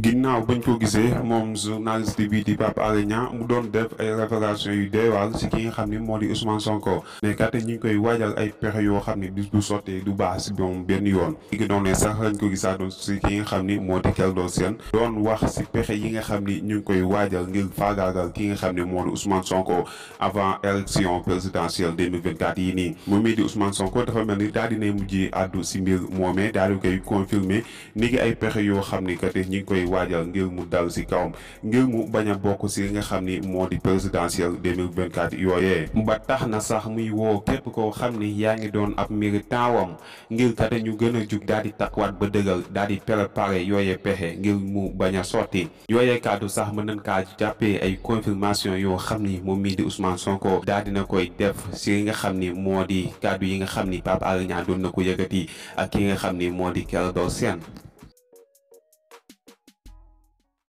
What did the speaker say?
ginnaaw bañ ko gisee moom journaliste bi di Pape Alé Niang mu doon def révélation yu deewaal si ki nga xam ni moo di Ousmane Sonko ne kat ñi ngi koy waajal ay pexe yoo xam ni bis bu sottee du baax si benn yoon ki ki doon ne sax lañ ko gisaa doon si ki nga xam ni moo di Clédor Sène doon wax si pexe yi nga xam ni ñu ngi koy waajal ngir faagaagal ki nga xam ne moo di Ousmane Sonko avant élection présidentielle 2024 yi nii moom mii di Ousmane Sonko dafa mel ni daal dinay mujjee àddu si mbir moomee daal di koy confirmer ni ngi ay pexe yoo xam ni kat ñi koy koy waajal ngir mu dal si kawam ngir mu bañ a bokk si li nga xam ni moo di présidentielle 2024 yooyee ba tax na sax muy woo képp ko xam ni yaa ngi doon ab militant wam ngir kate ñu gën a jug daal di takkuwaat ba dëggal daal di préparé yooyee pexe ngir mu bañ a sotti yooyee kàddu sax mën nañ ka jàppee ay confirmation yoo xam ni moom mii di Ousmane Sonko daal dina koy def si li nga xam ni moo di kàddu yi nga xam ni Pape Alé Niang doon na ko yëkkati ak ki nga xam ni moo di doo Sène